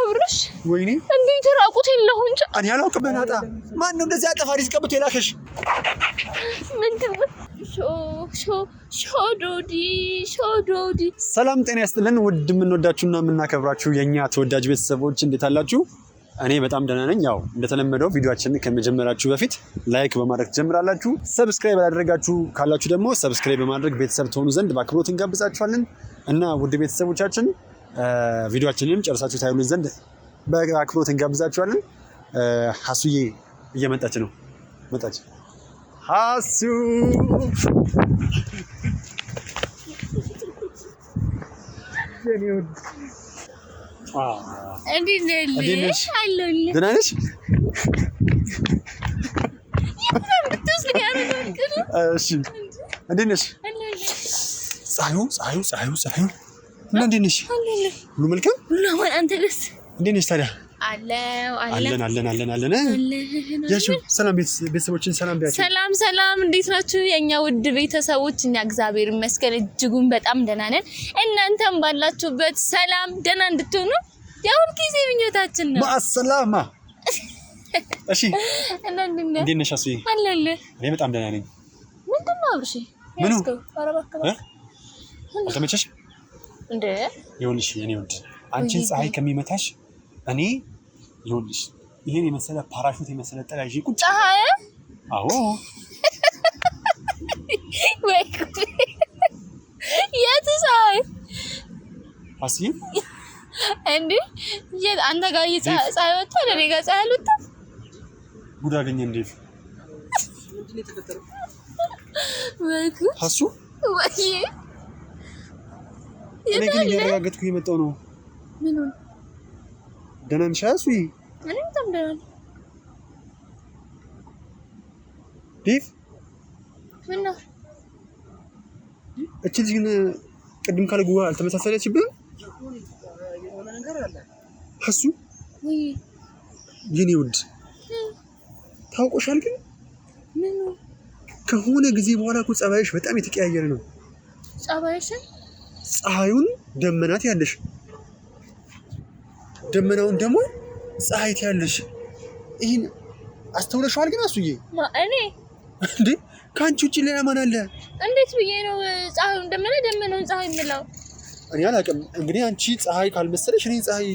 አብርሽ ወይኔ እንዴት ራቁት እኔ አላውቅም። ማን ነው እንደዚህ ቀብቶ የላከሽ? ሰላም ጤና ያስጥልን። ውድ የምንወዳችሁና የምናከብራችሁ የእኛ ተወዳጅ ቤተሰቦች እንዴት አላችሁ? እኔ በጣም ደህና ነኝ። ያው እንደተለመደው ቪዲዮችን ከመጀመራችሁ በፊት ላይክ በማድረግ ትጀምራላችሁ። ሰብስክራይብ ያላደረጋችሁ ካላችሁ ደግሞ ሰብስክራይብ በማድረግ ቤተሰብ ትሆኑ ዘንድ በአክብሮት እንጋብዛችኋለን እና ውድ ቤተሰቦቻችን ቪዲዮችንም ጨርሳችሁ ታዩልን ዘንድ በአክብሮት እንጋብዛችኋለን። ሀሱዬ እየመጣች ነው። መጣች ሀሱ የኔ ውድ እንዴት ነሽ? ፀሐዩ ፀሐዩ ፀሐዩ ፀሐዩ እና እንዴት ነሽ? ሁሉ መልካም? አንተ ደስ እንዴት ነሽ ታዲያ? አለን አለን አለን አለን ያችሁ ሰላም ቤተሰቦችን ሰላም ቢያችሁ ሰላም ሰላም፣ እንዴት ናችሁ የእኛ ውድ ቤተሰቦች? እኛ እግዚአብሔር ይመስገን እጅጉን በጣም ደህና ነን። እናንተም ባላችሁበት ሰላም ደህና እንድትሆኑ የሁል ጊዜ ምኞታችን ነው። በአሰላማ እሺ። እንዴት ነሽ አስዬ? አለሁልህ። እኔ በጣም ደህና ነኝ። ምንድን ነው አብርሽ? ምኑ አልተመቸሽ እንዴ? ይኸውልሽ የኔ ውድ አንቺን ፀሐይ ከሚመታሽ እኔ ይኸውልሽ ይሄን የመሰለ ፓራሹት የመሰለ ጠላዥ ቁጭ ፀሐይ አዎ ወይ የት ፀሐይ አስይ እንዴ የት አንተ ጋር ፀሐይ ወጣ ለኔ ጋር ፀሐይ ወጣ ጉድ አገኘ እንዴ ወይ ሀሱ ወይ እኔ ግን እየረጋገጥኩ የመጣው ነው ምን ነው ደህና ነሽ? አሱዬ እኔ በጣም ደህና ነኝ። ዴቭ ምነው እቺ ልጅ ግን ቅድም ካለ ጉባ አልተመሳሰለችብህም? እሱ የኔ ውድ ታውቆሻል። ግን ከሆነ ጊዜ በኋላ እኮ ጸባይሽ በጣም የተቀያየረ ነው። ጸባይሽን ፀሐዩን ደመናት ያለሽ ደመናውን ደግሞ ፀሐይ ትያለሽ። ይህን አስተውለሽዋል? ግን አሱዬ እኔ እንዴ ከአንቺ ውጭ ሌላ ማን አለ? እንዴት ብዬ ነው ፀሐዩን ደመና ደመናውን ፀሐይ የምለው? እኔ አላውቅም። እንግዲህ አንቺ ፀሐይ ካልመሰለሽ እኔ ፀሐይ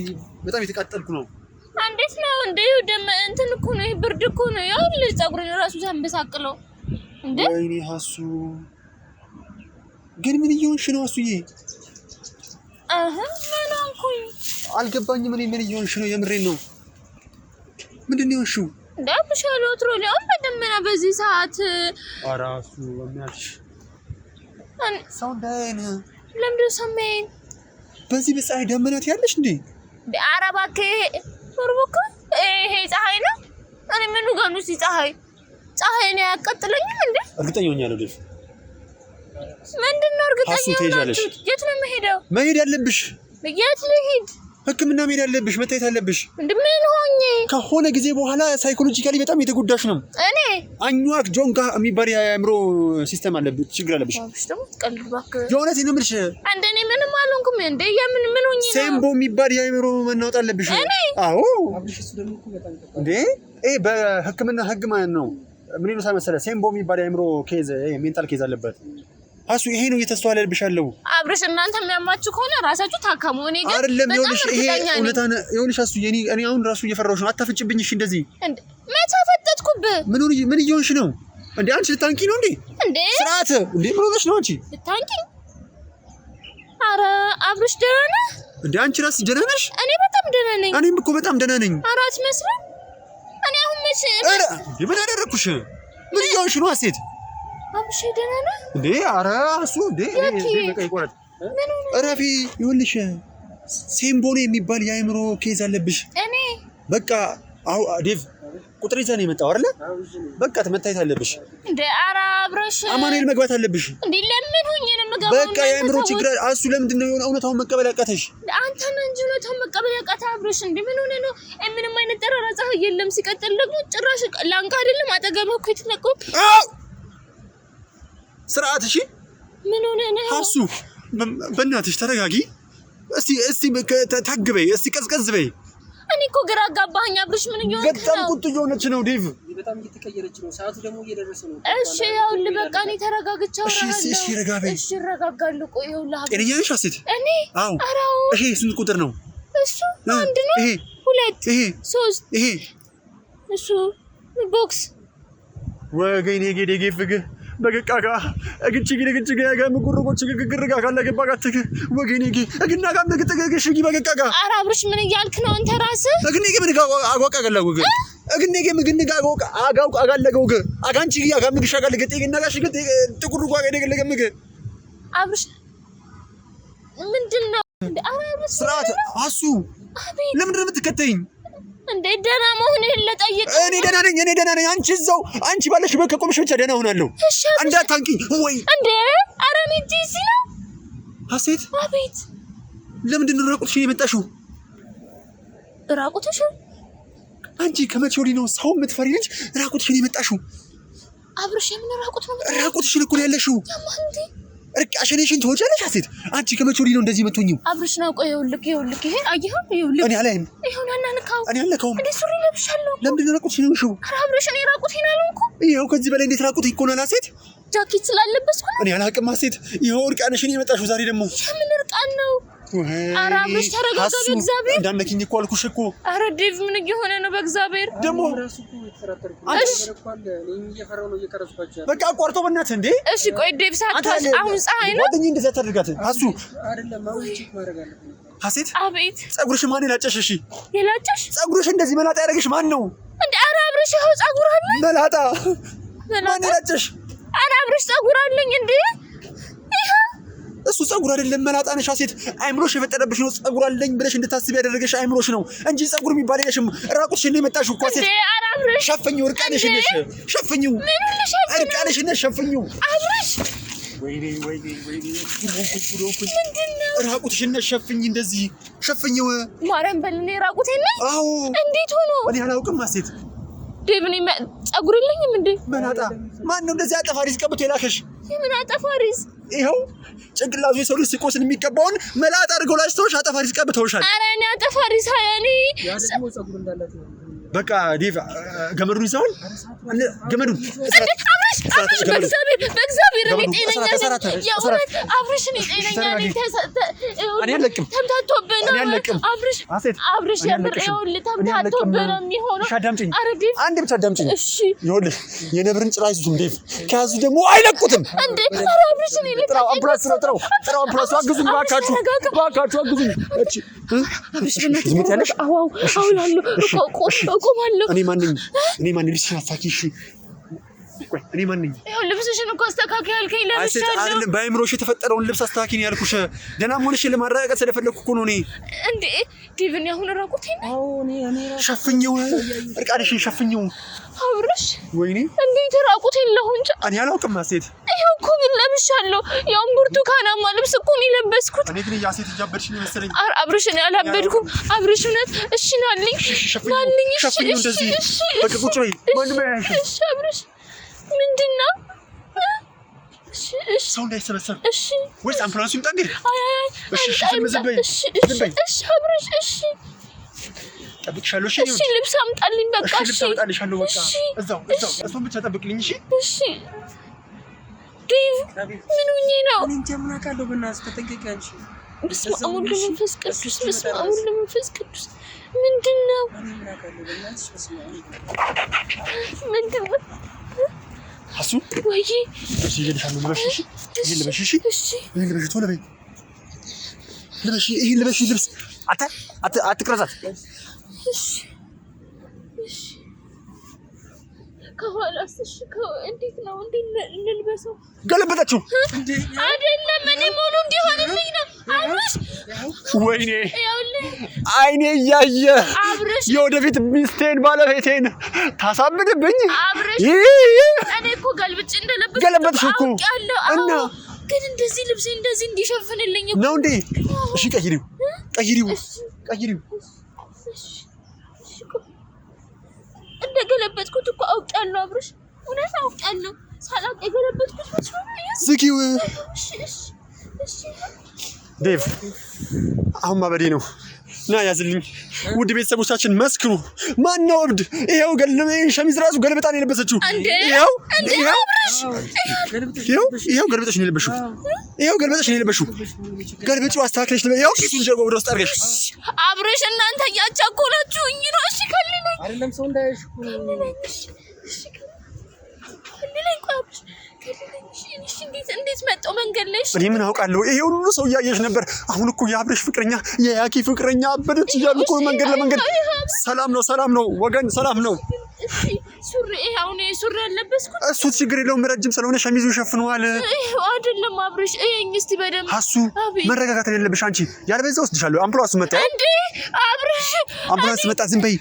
በጣም የተቃጠልኩ ነው። እንዴት ነው እንደ ደመ እንትን እኮ ነው፣ ብርድ እኮ ነው። ያው ፀጉርን ራሱ ሳንበሳቅለው እንዴ። ወይኔ ሀሱ ግን ምን እየሆንሽ ነው አሱዬ? ምን አልገባኝም። እኔ ምን እየሆንሽ ነው? የምሬን ነው። ምንድን ነው የሆንሽው? ዳብሻለሁ። ወትሮ ሊሆን በደመና በዚህ ሰዓት ራሱ በሚያልሽ ሰው እንዳይን ለምንድን ሰማይን በዚህ በፀሐይ ደመናት ያለሽ እንዴ? ኧረ እባክህ ሩቡክ፣ ይሄ ፀሐይ ነው። እኔ ምኑ ገኑ ሲ ፀሐይ ፀሐይ ነው ያቀጥለኝም እንዴ? እርግጠኛ ሆኛለሁ ደፍ ምንድን ነው እርግጠኛ ሆናችሁት? የት ነው የምሄደው? መሄድ አለብሽ። የት ልሂድ? ሕክምና መሄድ አለብሽ። መታየት አለብሽ። ምን ሆኜ ከሆነ ጊዜ በኋላ ሳይኮሎጂካሊ በጣም የተጎዳሽ ነው። እኔ አኝዋክ ጆንጋ የሚባል የአእምሮ ሲስተም አለብሽ፣ ችግር አለብሽ። የእውነት ነው የምልሽ። እንደ እኔ ምንም አልሆንኩም። እንደ የምን ምን ሆኜ ሴምቦ የሚባል የአእምሮ መናወጥ አለብሽ። አዎ እንዴ ይሄ በሕክምና ማለት ነው። ምን ይሉታል መሰለህ? ሴምቦ የሚባል የአእምሮ ኬዝ ሜንታል ኬዝ አለበት። አሱ ይሄ ነው እየተስተዋለልብሽ አለው። አብርሽ እናንተ የሚያማችሁ ከሆነ ራሳችሁ ታከሙ። እኔ ግን አይደለም ይኸውልሽ፣ ይሄ እውነታ ነው። ይኸውልሽ አሱ የኔ እኔ አሁን ራሱ እየፈራሁሽ ነው። አታፈጭብኝ እሺ እንደዚህ እንዴ! መቼ ፈጠጥኩብህ? ምን ምን እየሆንሽ ነው እንዴ? አንቺ ልታንቂ ነው እንዴ? እንዴ! ስርዓት እንዴ! ምን ሆነሽ ነው አንቺ? ልታንቂ? አረ አብርሽ ደህና ነህ እንዴ? አንቺ ራስ ደህና ነሽ? እኔ በጣም ደህና ነኝ። እኔም እኮ በጣም ደህና ነኝ። አራት መስሎ እኔ አሁን መቼ ምን አደረኩሽ? ምን እየሆንሽ ነው አሴት አምሼ ደህና ነህ እንዴ? ኧረ እሱ እንዴ እረፊ። ይኸውልሽ ሴምቦሌ የሚባል የአእምሮ ኬዝ አለብሽ። እኔ በቃ አሁ ዴቭ ቁጥር ይዘህ ነው የመጣው አይደለ? በቃ መታየት አለብሽ። ኧረ አብረሽ አማኑኤል መግባት አለብሽ። እንዴ ለምን ሁኜ ነው በቃ የአእምሮ ችግር እሱ። ለምንድን ነው የሆነ እውነታውን መቀበል ያቃተሽ? አንተ ነህ እንጂ እውነታውን መቀበል ያቃተህ አብረሽ። እንዴ ምን ሆነህ ነው? ምንም አይነት ጠራራ ፀሐይ የለም። ሲቀጥል ደግሞ ጭራሽ ላንቃ አይደለም አጠገብህ እኮ የተነቀው ስርዓት። እሺ ምን ሆነ ነው ሀሱ? በእናትሽ ተረጋጊ እስቲ እስቲ ታግበይ እስቲ ቀዝቀዝ በይ። እኔ እኮ ግራ አጋባኸኝ አብርሽ። ምን እየሆነ በጣም ቁጡ እየሆነች ነው ዴቭ። ሰዓቱ እሺ ይኸውልህ በቃ እኔ ተረጋግቻለሁ። እሺ እሺ እሺ ረጋ በይ። እሺ እረጋጋለሁ። ቆይ ይኸውልህ ጤነኛ ነሽ እኔ አዎ። ይሄ ስንት ቁጥር ነው እሱ? አንድ ነው። ይሄ ሁለት፣ ይሄ ሶስት፣ ይሄ እሱ ቦክስ ወገኔ ጌዴ ጌፍግህ በግቃጋ እግችጊ ንግችጊ ያጋ ምቁርቁች ግግርጋ ካለገባ ጋትክ ወገኔጊ እግናጋ ምግጥግግሽጊ በግቃጋ ኧረ አብርሽ ምን እያልክ ነው አንተ ራስህ? እግኔጊ ምን አጓቃ ገለጉ ግ እግኔጊ ምግንጋ አጓቃ አጋውቃ አጋለገው ግ አጋንችጊ አጋ ምግሻ ጋለገ ጤግናጋ ሽግ ጥቁርጓ ገደገለገ ምግ አብርሽ ምንድን ነው? ስርዓት አሱ ለምንድን ነው የምትከተይኝ? እንዴት ደህና መሆንህን ልጠይቅ። እኔ ደህና ነኝ፣ እኔ ደህና ነኝ። አንቺ እዛው አንቺ ባለሽ በቃ ቆምሽ ብቻ ደህና ሆናለሁ። እንዳታንቂኝ ወይ እንዴ! ኧረ እኔ እንጂ እዚህ ነው። ሀሴት! አቤት! ለምንድን ነው ራቁትሽን የመጣሽው? ራቁትሽን? አንቺ ከመቼ ወዲህ ነው ሰው የምትፈሪ ልጅ ራቁትሽን የመጣሽው? አብርሽ፣ የምን ራቁት ነው? ራቁትሽን እኮ ነው ያለሽው። እርቃሽን ሽን ትወጫለሽ። ሀሴት አንቺ ከመቼ ወዲህ ነው እንደዚህ የምትሆኝው? አብርሽ ነው። ቆይ ይኸውልህ፣ ይኸውልህ፣ ይሄ አየኸው? ይኸውልህ፣ እኔ አላይም። ይኸውልህ፣ አናንካው እኔ አለካውም። እኔ ሱሪ ለብሻለሁ። ለምንድን ነው ራቁትሽን የሆንሽው? ኧረ አብርሽ፣ እኔ ራቁቴን አልሆንኩም። ይኸው ከዚህ በላይ እንዴት ራቁት ይኮናል? ሀሴት ጃኬት ስላለበስኩ እኔ አላውቅም። ሀሴት ይኸው እርቃንሽን የመጣሽው ዛሬ ደግሞ። ምን እርቃን ነው አራምሽ ተረጋጋ። በእግዚአብሔር እንዳትነኪኝ እኮ አልኩሽ እኮ። አረ ዴቭ ምን እየሆነ ነው? በእግዚአብሔር ደግሞ በቃ አቋርጦ በእናትህ እንዴ! እሺ ቆይ ዴቭ ሳታዝ አሁን ፀሐይ ነው ጓደኛዬ እንደዚያ ታደርጋት አሱ ሀሴት አቤት። ፀጉርሽ ማን የላጨሽ? እሺ የላጨሽ ፀጉርሽ እንደዚህ መላጣ ያደረግሽ ማን ነው እንዴ? አረ አብረሽ ይኸው ፀጉር አለ መላጣ። ማን የላጨሽ? አረ አብረሽ ፀጉር አለኝ እንዴ እሱ ጸጉር አይደለም መላጣ ነሽ ሴት አይምሮሽ የፈጠረብሽ ነው። ጸጉር አለኝ ብለሽ እንድታስብ ያደረገሽ አይምሮሽ ነው እንጂ ጸጉር የሚባል የለሽም። ራቁትሽ ነው የመጣሽው እኮ ሴት። ሸፍኚው፣ እርቃንሽ ነሽ። ሸፍኚው፣ እርቃንሽ ነሽ። ሸፍኚው ራቁትሽን ሸፍኝ፣ እንደዚህ ሸፍኝው። ማርያም በል እኔ ራቁቴን ነኝ። አዎ እንዴት ሆኖ እኔ አላውቅም። ሴት ዴብኔ ጸጉር የለኝም እንዴ? መላጣ ማን ነው እንደዚህ አጠፋሪስ ቀብቶ የላከሽ? የምን አጠፋሪስ ይኸው ጭንቅላቱ የሰው ልጅ ሲቆስል የሚገባውን መላጥ አድርገው ላጭተውሽ አጠፋሪስ ቀብተውሻል። ኧረ እኔ አጠፋሪስ ሀያ እኔ በቃ ዲፍ ገመዱን ይዘዋል። ገመዱን በእግዚአብሔር ብቻ አዳምጪኝ። ይኸውልህ የነብርን ጭራ ይዙትም ዴቭ ከያዙ ደግሞ አይለቁትም አግዙኝ፣ እባካችሁ፣ እባካችሁ አግዙኝ። አቆማለሁ። እኔ ማን ነኝ? እኔ ማን ነኝ? ቆይ እኔ ማን ነኝ? ይኸው ልብስሽን እኮ አስተካክል ያልከኝ ለብሻለሁ። በአእምሮሽ የተፈጠረውን ልብስ አስተካክል ያልኩሽ ደህና መሆንሽ ለማረጋገጥ ስለፈለግኩ እኮ ነው። እኔ እንዴ ዲቭን አሁን ራቁቴን ሸፍኜው እርቃንሽን ሸፍኜው አብርሽ፣ ወይኔ እንዴት ራቁቴን ለሆንች እኔ አላውቅም። ሴት ይኸው እኮ ግን ለብሻለሁ። ያውን ብርቱካናማ ልብስ እኮ ነው የለበስኩት። እኔ ግን ያ እያበድሽ ነው መሰለኝ። አብርሽ፣ እኔ አላበድኩም። አብርሽ፣ እውነት እሺ፣ ናልኝ ናልኝ፣ እሺ፣ እሺ፣ እሺ፣ እሺ፣ እሺ፣ እሺ፣ እሺ፣ እሺ፣ እሺ፣ ምንድን ነው? ሰው እንዳይሰበሰብ ወይስ እሺ፣ ልብስ አምጣልኝ። በቃ ልብስ ብቻ ጠብቅልኝ። እሺ፣ እሺ። ምን ሆኜ ነው? እኔ እንጃ ምን አውቃለሁ። በእናትሽ ተጠንቀቂ አንቺ። በስመ አብ ወወልድ ወመንፈስ ቅዱስ፣ በስመ አብ ወወልድ ወመንፈስ ቅዱስ። ምንድን ነው? ምንድን ነው? አሱ ወይ ልብስ አትቅረጻት። ገለበጠችው አይደለም እኔ ሙሉ እንዲሆንልኝ ነው ወይኔ አይኔ እያየ የወደፊት ሚስቴን ባለቤቴን ታሳብድብኝ። ገለበጥሽ እኮ እና ግን እንደዚህ ልብስ እንደዚህ እንዲሸፍንልኝ ነው እንዴ? እሺ፣ ቀይሪው፣ ቀይሪው፣ ቀይሪው። እኮ አውቄያለሁ። አብርሽ፣ እውነት አውቄያለሁ። ሳላውቅ የገለበጥኩት መስሎኝ። ዝጊው። እሺ፣ እሺ፣ እሺ ዴቭ አሁን ማበዴ ነው። ና ያዝልኝ። ውድ ቤተሰቦቻችን መስክሩ። ማን ነው እብድ? ይኸው ሸሚዝ ራሱ ገልብጣ ነው የለበሰችው። ይኸው ገልብጠሽ ነው የለበሽው። ይኸው ገልብጠሽ ነው የለበሽው። ገልብጪው አስተካክለሽ ነው። ይኸው ሱን ጀርባ ወደ ውስጥ አድርገሽ። አብርሽ እናንተ እያቻኮላችሁኝ ነው። እሺ ከልለኝ። አይደለም ሰው እንዳያሽ እንዴት መጣሁ መንገድ ላይ? እኔ ምን አውቃለሁ? ይሄ ሁሉ ሰው እያየሽ ነበር። አሁን እኮ የአብረሽ ፍቅረኛ የያኪ ፍቅረኛ አበደች እያሉ እኮ መንገድ ለመንገድ። ሰላም ነው፣ ሰላም ነው ወገን፣ ሰላም ነው። እሱ ችግር የለውም ረጅም ስለሆነ ሸሚዙ ይሸፍነዋል። አይደለም አብረሽ እየኝ እስቲ በደምብ ሀሱ፣ መረጋጋት የለብሽ አንቺ። ያለበዛ ወስድሻለሁ። አምቡላንሱ መጣ እንዴ? አብረሽ አምቡላንስ መጣ። ዝም በይ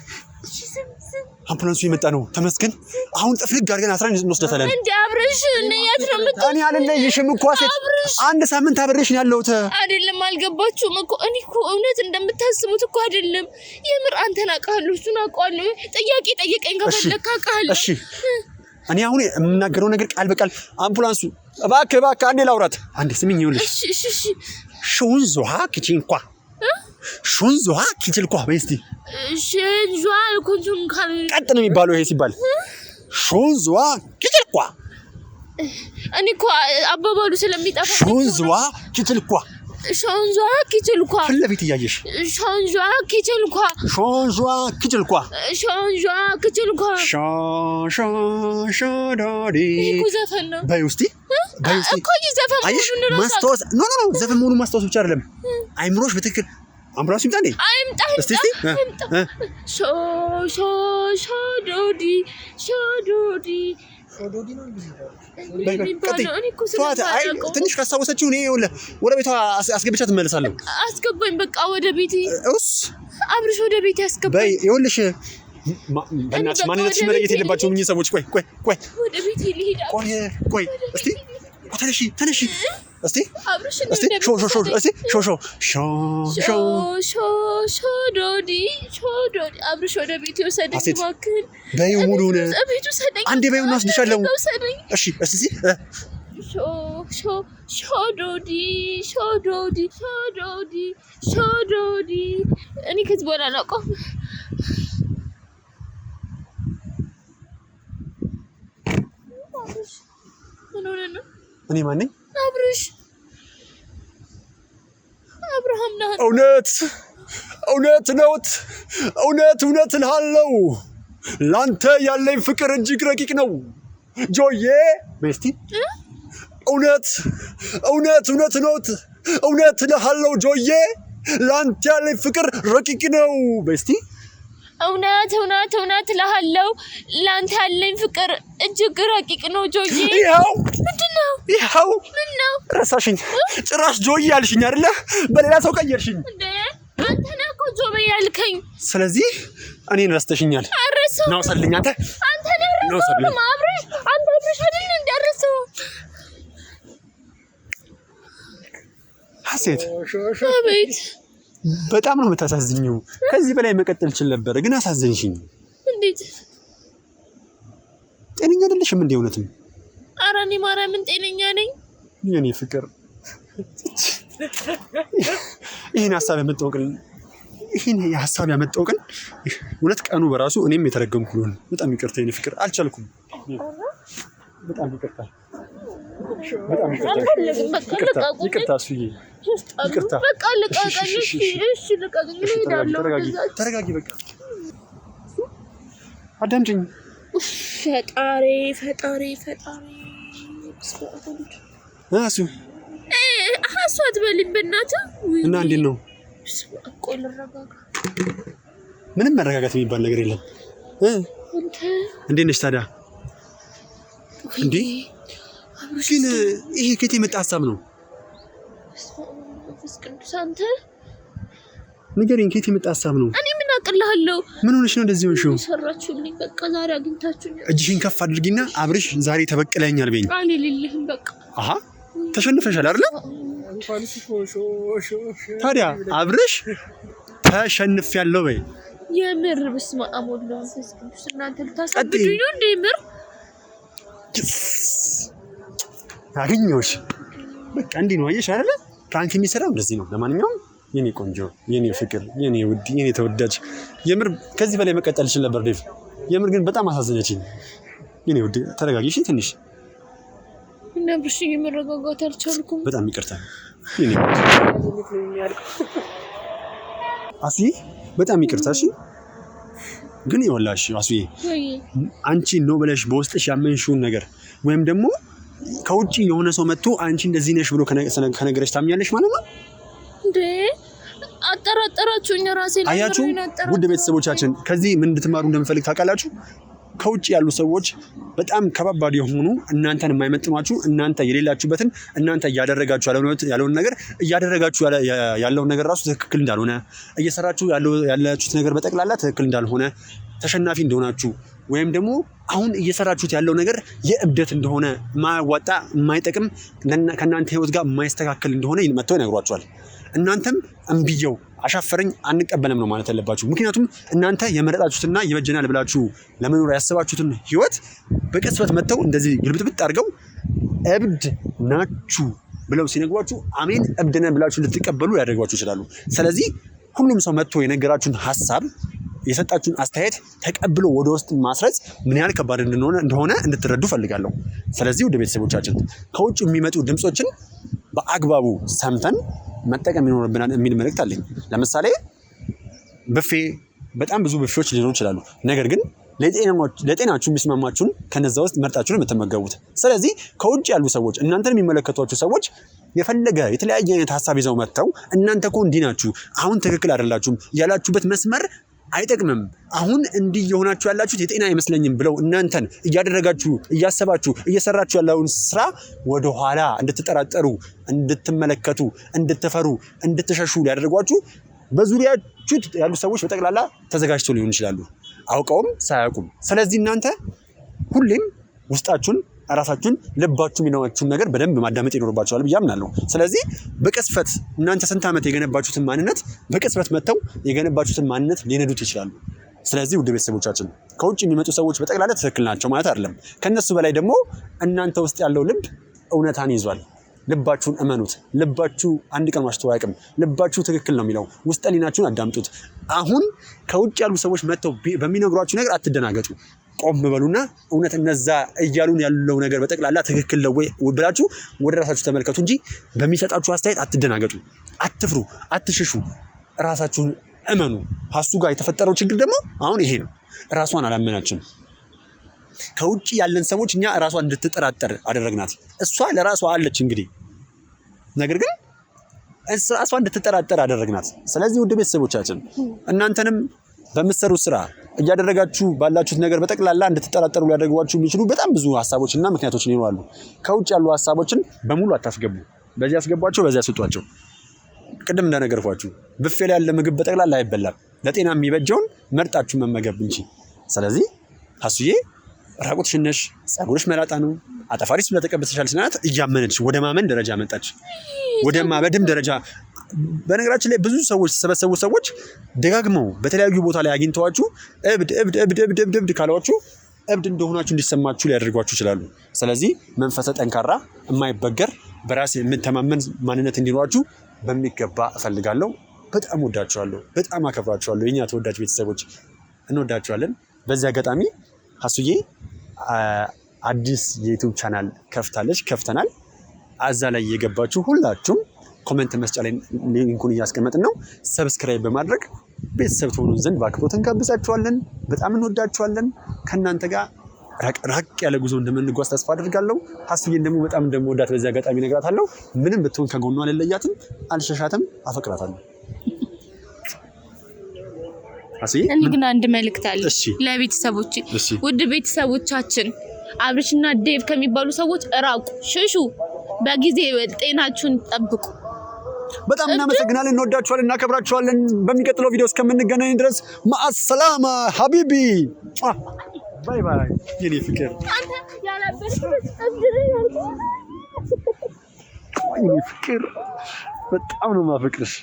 አምቡላንሱ የመጣ ነው። ተመስገን። አሁን ጥፍልግ አድርገን አስራ እንወስደታለን። እንዴ አብረሽ የት ነው የምትሆን? እኔ አልለይሽም እኮ አንድ ሳምንት አብሬሽ ነው ያለሁት። አይደለም አልገባችሁም እኮ እኔ እኮ እውነት እንደምታስቡት እኮ አይደለም። የምር አንተን አውቃለሁ፣ እሱን አውቃለሁ። ጥያቄ ጠየቀኝ ከፈለክ አውቃለሁ። እሺ እኔ አሁን የምናገረው ነገር ቃል በቃል አምቡላንሱ እባክህ እባክህ አንዴ ላውራት አንዴ ስምኝ። ይኸውልሽ እሺ እሺ ሹን ዞሃ ኪቺንኳ ሹንዙሃ ኪችልኳ በይ እስቲ ቀጥ ነው የሚባለው ይሄ ሲባል ሹንዙዋ ኪችልኳ። እኔ እኮ አባባሉ ስለሚጠፋ ሹንዙዋ ኪችልኳ ሾንዟ ኪችልኳ ፊት ለፊት እያየሽ ሾንዟ ኪችልኳ ሾንዟ ኪችልኳ ሾንዟ ኪችልኳ ሾሾሾዶዲ ዘፈን ነው። በይ ውስጢ እኮ ዘፈን ማስታወስ ኖ ኖ ዘፈን መሆኑን ማስታወስ ብቻ አይደለም አይምሮሽ በትክክል አምቡላንስ ይምጣ እንዴ? አይምጣ አይምጣ። ሾ ሾ ሾ ዶዲ ሾ ዶዲ ትንሽ ካስታወሰችው እኔ ወደ ቤቷ አስገብቻት እመለሳለሁ። አስገባኝ፣ በቃ ወደ ቤቴ እስ አብርሽ ወደ ቤቴ አስገባኝ። ይኸውልሽ በእናትሽ ማንነትሽ መለየት የለባቸውም እኚህ ሰዎች። ቆይ ቆይ ቆይ ቆይ፣ እስቲ ተነሺ ተነሺ። እስቲ እስቲ ሾ ሾ ሾ እስቲ ሾ ሾ ዶዲ እኔ ከዚህ በኋላ አላውቀውም። ምን ሆነህ ነው? እኔ ማን ነኝ? አብርሽ አብርሃም ነህ። እውነት እውነት ነውት እውነት እውነት እልሃለሁ ላንተ ያለኝ ፍቅር እጅግ ረቂቅ ነው ጆዬ ቤስቲ። እውነት እውነት እውነት ነውት እውነት እልሃለሁ ጆዬ ላንተ ያለኝ ፍቅር ረቂቅ ነው ቤስቲ እውነት እውነት እውነት እልሃለሁ ለአንተ ያለኝ ፍቅር እጅግ ረቂቅ ነው ጆዬ። ይኸው ምንድን ነው? ይኸው ምን ነው? ረሳሽኝ? ጭራሽ ጆዬ አልሽኝ አይደለ? በሌላ ሰው ቀየርሽኝ። አንተ ነህ እኮ ያልከኝ። ስለዚህ እኔን ረስተሽኛል። አረሰው ነው ሰልኝ አንተ አንተ ረሰው አንተ እንዳረሰው አቤት በጣም ነው የምታሳዝኘው። ከዚህ በላይ መቀጠል ችል ነበር፣ ግን አሳዘንሽኝ። እንዴት ጤነኛ አይደለሽም እንዴ? እውነትም ኧረ እኔ ማርያምን ጤነኛ ነኝ። የኔ ፍቅር ይህን ሀሳብ ያመጣው ይህን ሀሳብ ያመጣው ቀን ቀኑ በራሱ እኔም የተረገምኩ ሆን። በጣም ይቅርታ የኔ ፍቅር፣ አልቻልኩም። በጣም ይቅርታ፣ በጣም ይቅርታ፣ ይቅርታ። በቃ ልቀቀኝ። እሺ ልቀቀኝ። እሄዳለሁ። ተረጋጊ። በቃ አዳምጪኝ። ፈጣሪ ፈጣሪ ፈጣሪ እሱ አትበልኝ በእናትህ። እና እንዴት ነው? ቆይ ልረጋጋ። ምንም መረጋጋት የሚባል ነገር የለም። እንዴት ነሽ ታዲያ? እንዴ ግን ይሄ ከየት የመጣ ሀሳብ ነው? ቅዱስ አንተ ንገሪኝ፣ ከየት የመጣ ሀሳብ ነው? እኔ ምን አቅልሃለሁ? ምን ሆነሽ ነው እንደዚህ ሆንሽው? ሰራችሁልኝ። በቃ ዛሬ አግኝታችሁኝ። እጅሽን ከፍ አድርጊና አብርሽ ዛሬ ተበቅለኛል በይኝ። አልልልህም። በቃ አሀ ተሸንፈሻል አይደለ? ታዲያ አብርሽ ተሸንፍ ያለው በይ። የምር በስመ አብ ወወልድ ወመንፈስ ቅዱስ። እናንተ ልታሳብዱኝ ነው እንደ የምር አገኘሁሽ። በቃ እንዲህ ነው። አየሽ አይደለ ፕራንክ የሚሰራው እንደዚህ ነው። ለማንኛውም የኔ ቆንጆ፣ የኔ ፍቅር፣ የኔ ውድ፣ የኔ ተወዳጅ የምር ከዚህ በላይ መቀጠል ይችል ነበር ዴቭ። የምር ግን በጣም አሳዘነችኝ። የኔ ውድ ተረጋጊሽ ትንሽ እና ብርሽ አልቻልኩም። በጣም ይቅርታ የኔ በጣም ይቅርታ እሺ። ግን ይወላሽ አሱ አንቺ ነው ብለሽ በውስጥሽ ያመንሽውን ነገር ወይም ደግሞ ከውጭ የሆነ ሰው መጥቶ አንቺ እንደዚህ ነሽ ብሎ ከነገረች ታምኛለሽ ማለት ነው እንዴ? አጠራጠራችሁኝ። ራሴ አያችሁ። ውድ ቤተሰቦቻችን ከዚህ ምን እንድትማሩ እንደምፈልግ ታውቃላችሁ። ከውጭ ያሉ ሰዎች በጣም ከባባድ የሆኑ እናንተን የማይመጥኗችሁ እናንተ የሌላችሁበትን እናንተ እያደረጋችሁ ያለውን ነገር እያደረጋችሁ ያለውን ነገር ራሱ ትክክል እንዳልሆነ እየሰራችሁ ያላችሁት ነገር በጠቅላላ ትክክል እንዳልሆነ ተሸናፊ እንደሆናችሁ ወይም ደግሞ አሁን እየሰራችሁት ያለው ነገር የእብደት እንደሆነ የማያዋጣ የማይጠቅም ከእናንተ ህይወት ጋር የማይስተካከል እንደሆነ መጥተው ይነግሯቸዋል። እናንተም እምቢየው አሻፈረኝ አንቀበልም ነው ማለት ያለባችሁ። ምክንያቱም እናንተ የመረጣችሁትና ይበጀናል ብላችሁ ለመኖር ያሰባችሁትን ህይወት በቅጽበት መጥተው እንደዚህ ግልብጥብጥ አድርገው እብድ ናችሁ ብለው ሲነግሯችሁ አሜን እብድ ብላችሁ ልትቀበሉ ሊያደርጓችሁ ይችላሉ። ስለዚህ ሁሉም ሰው መጥቶ የነገራችሁን ሀሳብ የሰጣችሁን አስተያየት ተቀብሎ ወደ ውስጥ ማስረጽ ምን ያህል ከባድ እንደሆነ እንድትረዱ ፈልጋለሁ። ስለዚህ ወደ ቤተሰቦቻችን ከውጭ የሚመጡ ድምፆችን በአግባቡ ሰምተን መጠቀም ይኖርብናል የሚል መልእክት አለኝ። ለምሳሌ ብፌ በጣም ብዙ ብፌዎች ሊኖሩ ይችላሉ። ነገር ግን ለጤናችሁ የሚስማማችሁን ከነዛ ውስጥ መርጣችሁን የምትመገቡት። ስለዚህ ከውጭ ያሉ ሰዎች እናንተን የሚመለከቷችሁ ሰዎች የፈለገ የተለያየ አይነት ሀሳብ ይዘው መጥተው እናንተ እኮ እንዲህ ናችሁ፣ አሁን ትክክል አይደላችሁም ያላችሁበት መስመር አይጠቅምም አሁን እንዲህ የሆናችሁ ያላችሁት የጤና አይመስለኝም ብለው እናንተን እያደረጋችሁ እያሰባችሁ እየሰራችሁ ያለውን ስራ ወደኋላ እንድትጠራጠሩ እንድትመለከቱ እንድትፈሩ እንድትሸሹ ሊያደርጓችሁ በዙሪያችሁ ያሉ ሰዎች በጠቅላላ ተዘጋጅተው ሊሆን ይችላሉ አውቀውም ሳያውቁም ስለዚህ እናንተ ሁሌም ውስጣችሁን ራሳችሁን ልባችሁ የሚለዋችሁን ነገር በደንብ ማዳመጥ ይኖርባችኋል ብዬ አምናለሁ። ስለዚህ በቅጽበት እናንተ ስንት ዓመት የገነባችሁትን ማንነት በቅጽበት መጥተው የገነባችሁትን ማንነት ሊነዱት ይችላሉ። ስለዚህ ውድ ቤተሰቦቻችን ከውጭ የሚመጡ ሰዎች በጠቅላላ ትክክል ናቸው ማለት አይደለም። ከእነሱ በላይ ደግሞ እናንተ ውስጥ ያለው ልብ እውነታን ይዟል። ልባችሁን እመኑት። ልባችሁ አንድ ቀን ዋሽቶ አያውቅም። ልባችሁ ትክክል ነው የሚለው ውስጠ አዳምጡት። አሁን ከውጭ ያሉ ሰዎች መጥተው በሚነግሯችሁ ነገር አትደናገጡ። ቆም በሉና እውነት እነዛ እያሉን ያለው ነገር በጠቅላላ ትክክል ነው ወይ ብላችሁ ወደ ራሳችሁ ተመልከቱ እንጂ በሚሰጣችሁ አስተያየት አትደናገጡ፣ አትፍሩ፣ አትሽሹ። ራሳችሁን እመኑ። ሀሱ ጋር የተፈጠረው ችግር ደግሞ አሁን ይሄ ነው። ራሷን አላመናችም። ከውጭ ያለን ሰዎች እኛ ራሷን እንድትጠራጠር አደረግናት። እሷ ለራሷ አለች እንግዲህ ነገር ግን ራሷ እንድትጠራጠር አደረግናት። ስለዚህ ውድ ቤተሰቦቻችን እናንተንም በምትሰሩት ስራ እያደረጋችሁ ባላችሁት ነገር በጠቅላላ እንድትጠራጠሩ ሊያደርጓችሁ የሚችሉ በጣም ብዙ ሀሳቦችና ምክንያቶች ይኖራሉ። ከውጭ ያሉ ሀሳቦችን በሙሉ አታስገቡ። በዚህ ያስገቧቸው፣ በዚህ አስወጧቸው። ቅድም እንደነገርኳችሁ ብፌ ላይ ያለ ምግብ በጠቅላላ አይበላም። ለጤና የሚበጀውን መርጣችሁ መመገብ እንጂ። ስለዚህ ሀሱዬ ራቁት ሽነሽ ጸጉርሽ መላጣ ነው፣ አጠፋሪ ስለተቀበተሻል ስናት እያመነች ወደ ማመን ደረጃ መጣች። ወደ ማበድም ደረጃ በነገራችን ላይ ብዙ ሰዎች ተሰበሰቡ ሰዎች ደጋግመው በተለያዩ ቦታ ላይ አግኝተዋችሁ እብድ እብድ እብድ እብድ እብድ እብድ ካሏችሁ እብድ እንደሆናችሁ እንዲሰማችሁ ሊያደርጓችሁ ይችላሉ። ስለዚህ መንፈሰ ጠንካራ የማይበገር በራስ የምንተማመን ማንነት እንዲኖራችሁ በሚገባ እፈልጋለሁ። በጣም ወዳችኋለሁ። በጣም አከብራችኋለሁ። የኛ ተወዳጅ ቤተሰቦች እንወዳችኋለን። በዚህ አጋጣሚ ሀሱዬ አዲስ የዩቱብ ቻናል ከፍታለች፣ ከፍተናል። አዛ ላይ የገባችሁ ሁላችሁም ኮመንት መስጫ ላይ ሊንኩን እያስቀመጥን ነው። ሰብስክራይብ በማድረግ ቤተሰብ ትሆኑ ዘንድ በአክብሮት እንጋብዛችኋለን። በጣም እንወዳችኋለን። ከእናንተ ጋር ራቅ ያለ ጉዞ እንደምንጓዝ ተስፋ አድርጋለሁ። ሀስዬን ደግሞ በጣም እንደምወዳት በዚህ አጋጣሚ እነግራታለሁ። ምንም ብትሆን ከጎኗ አልለያትም፣ አልሸሻትም፣ አፈቅራታለሁ። እኔ ግን አንድ መልእክት አለ ለቤተሰቦች። ውድ ቤተሰቦቻችን አብርሽና ዴቭ ከሚባሉ ሰዎች እራቁ፣ ሽሹ። በጊዜ ጤናችሁን ጠብቁ። በጣም እናመሰግናለን፣ እንወዳችኋለን፣ እናከብራችኋለን። በሚቀጥለው ቪዲዮ እስከምንገናኝ ድረስ ማአሰላማ ሀቢቢ ባይ ባይ የኔ ፍቅር ፍቅር በጣም ነው የማፈቅርሽ።